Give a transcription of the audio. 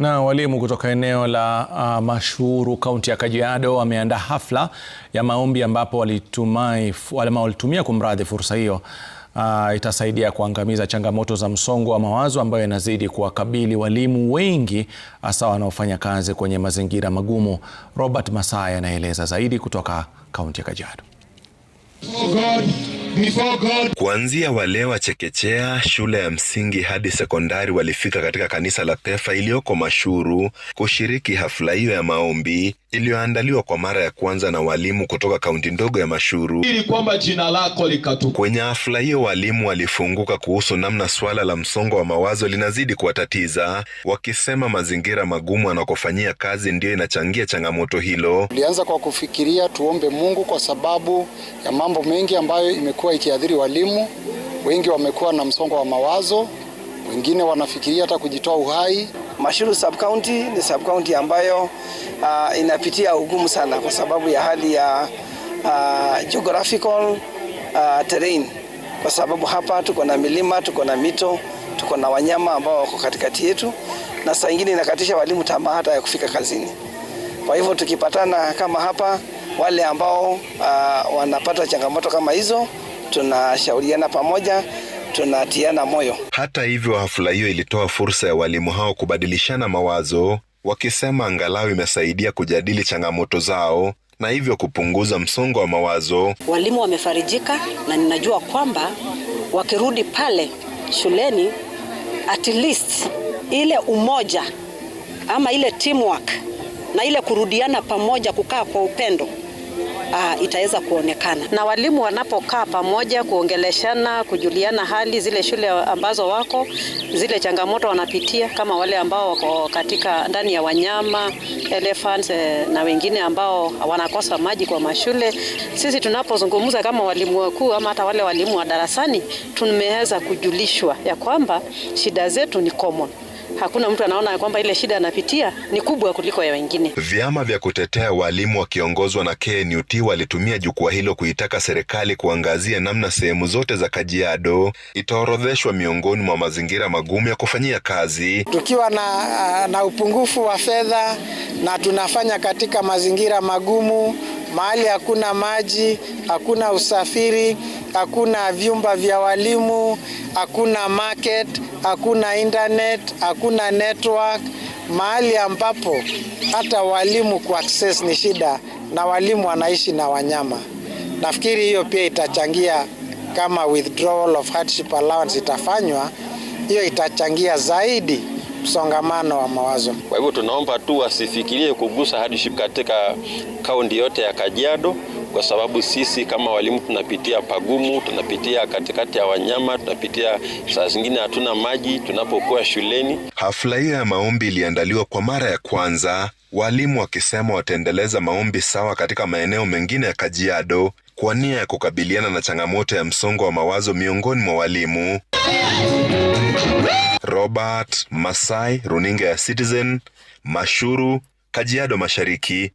Na walimu kutoka eneo la uh, Mashuuru kaunti ya Kajiado wameandaa hafla ya maombi ambapo walitumai ama walitumia kumradhi, fursa hiyo uh, itasaidia kuangamiza changamoto za msongo wa mawazo ambayo inazidi kuwakabili walimu wengi hasa wanaofanya kazi kwenye mazingira magumu. Robert Masaya anaeleza zaidi kutoka kaunti ya Kajiado. Oh Kuanzia wale wa chekechea, shule ya msingi hadi sekondari walifika katika kanisa la Pefa iliyoko Mashuru kushiriki hafla hiyo ya maombi iliyoandaliwa kwa mara ya kwanza na walimu kutoka kaunti ndogo ya Mashuru ili kwamba jina lako likatukuka. Kwenye hafla hiyo walimu walifunguka kuhusu namna swala la msongo wa mawazo linazidi kuwatatiza, wakisema mazingira magumu anakofanyia kazi ndiyo inachangia changamoto hilo. Tulianza kwa kufikiria tuombe Mungu kwa sababu ya mambo mengi ambayo ime imekuwa ikiathiri walimu wengi, wamekuwa na msongo wa mawazo, wengine wanafikiria hata kujitoa uhai. Mashuru sub county ni sub county ambayo uh, inapitia ugumu sana kwa sababu ya hali ya uh, geographical uh, terrain, kwa sababu hapa tuko na milima, tuko na mito, tuko na wanyama ambao wako katikati yetu, na saa ingine inakatisha walimu tamaa hata ya kufika kazini. Kwa hivyo tukipatana kama hapa, wale ambao uh, wanapata changamoto kama hizo tunashauriana pamoja, tunatiana moyo. Hata hivyo, hafula hiyo ilitoa fursa ya walimu hao kubadilishana mawazo, wakisema angalau imesaidia kujadili changamoto zao na hivyo kupunguza msongo wa mawazo. Walimu wamefarijika, na ninajua kwamba wakirudi pale shuleni at least ile umoja ama ile teamwork na ile kurudiana pamoja, kukaa kwa upendo uh, itaweza kuonekana, na walimu wanapokaa pamoja kuongeleshana, kujuliana hali zile shule ambazo wako zile changamoto wanapitia, kama wale ambao wako katika ndani ya wanyama elephants, eh, na wengine ambao wanakosa maji kwa mashule. Sisi tunapozungumza kama walimu wakuu ama hata wale walimu wa darasani, tumeweza kujulishwa ya kwamba shida zetu ni common hakuna mtu anaona kwamba ile shida anapitia ni kubwa kuliko ya wengine. Vyama vya kutetea walimu wakiongozwa na KNUT walitumia jukwaa hilo kuitaka serikali kuangazia namna sehemu zote za Kajiado itaorodheshwa miongoni mwa mazingira magumu ya kufanyia kazi. Tukiwa na, na upungufu wa fedha na tunafanya katika mazingira magumu, mahali hakuna maji, hakuna usafiri, hakuna vyumba vya walimu, hakuna market hakuna internet, hakuna network, mahali ambapo hata walimu access ni shida, na walimu wanaishi na wanyama. Nafikiri hiyo pia itachangia, kama withdrawal of hardship allowance itafanywa, hiyo itachangia zaidi msongamano wa mawazo. Kwa hivyo tunaomba tu wasifikirie kugusa hardship katika kaunti yote ya Kajiado kwa sababu sisi kama walimu tunapitia pagumu, tunapitia katikati ya wanyama, tunapitia saa zingine hatuna maji tunapokuwa shuleni. Hafla hiyo ya maombi iliandaliwa kwa mara ya kwanza, walimu wakisema wataendeleza maombi sawa katika maeneo mengine ya Kajiado kwa nia ya kukabiliana na changamoto ya msongo wa mawazo miongoni mwa walimu. Robert Masai, runinga ya Citizen, Mashuru, Kajiado Mashariki.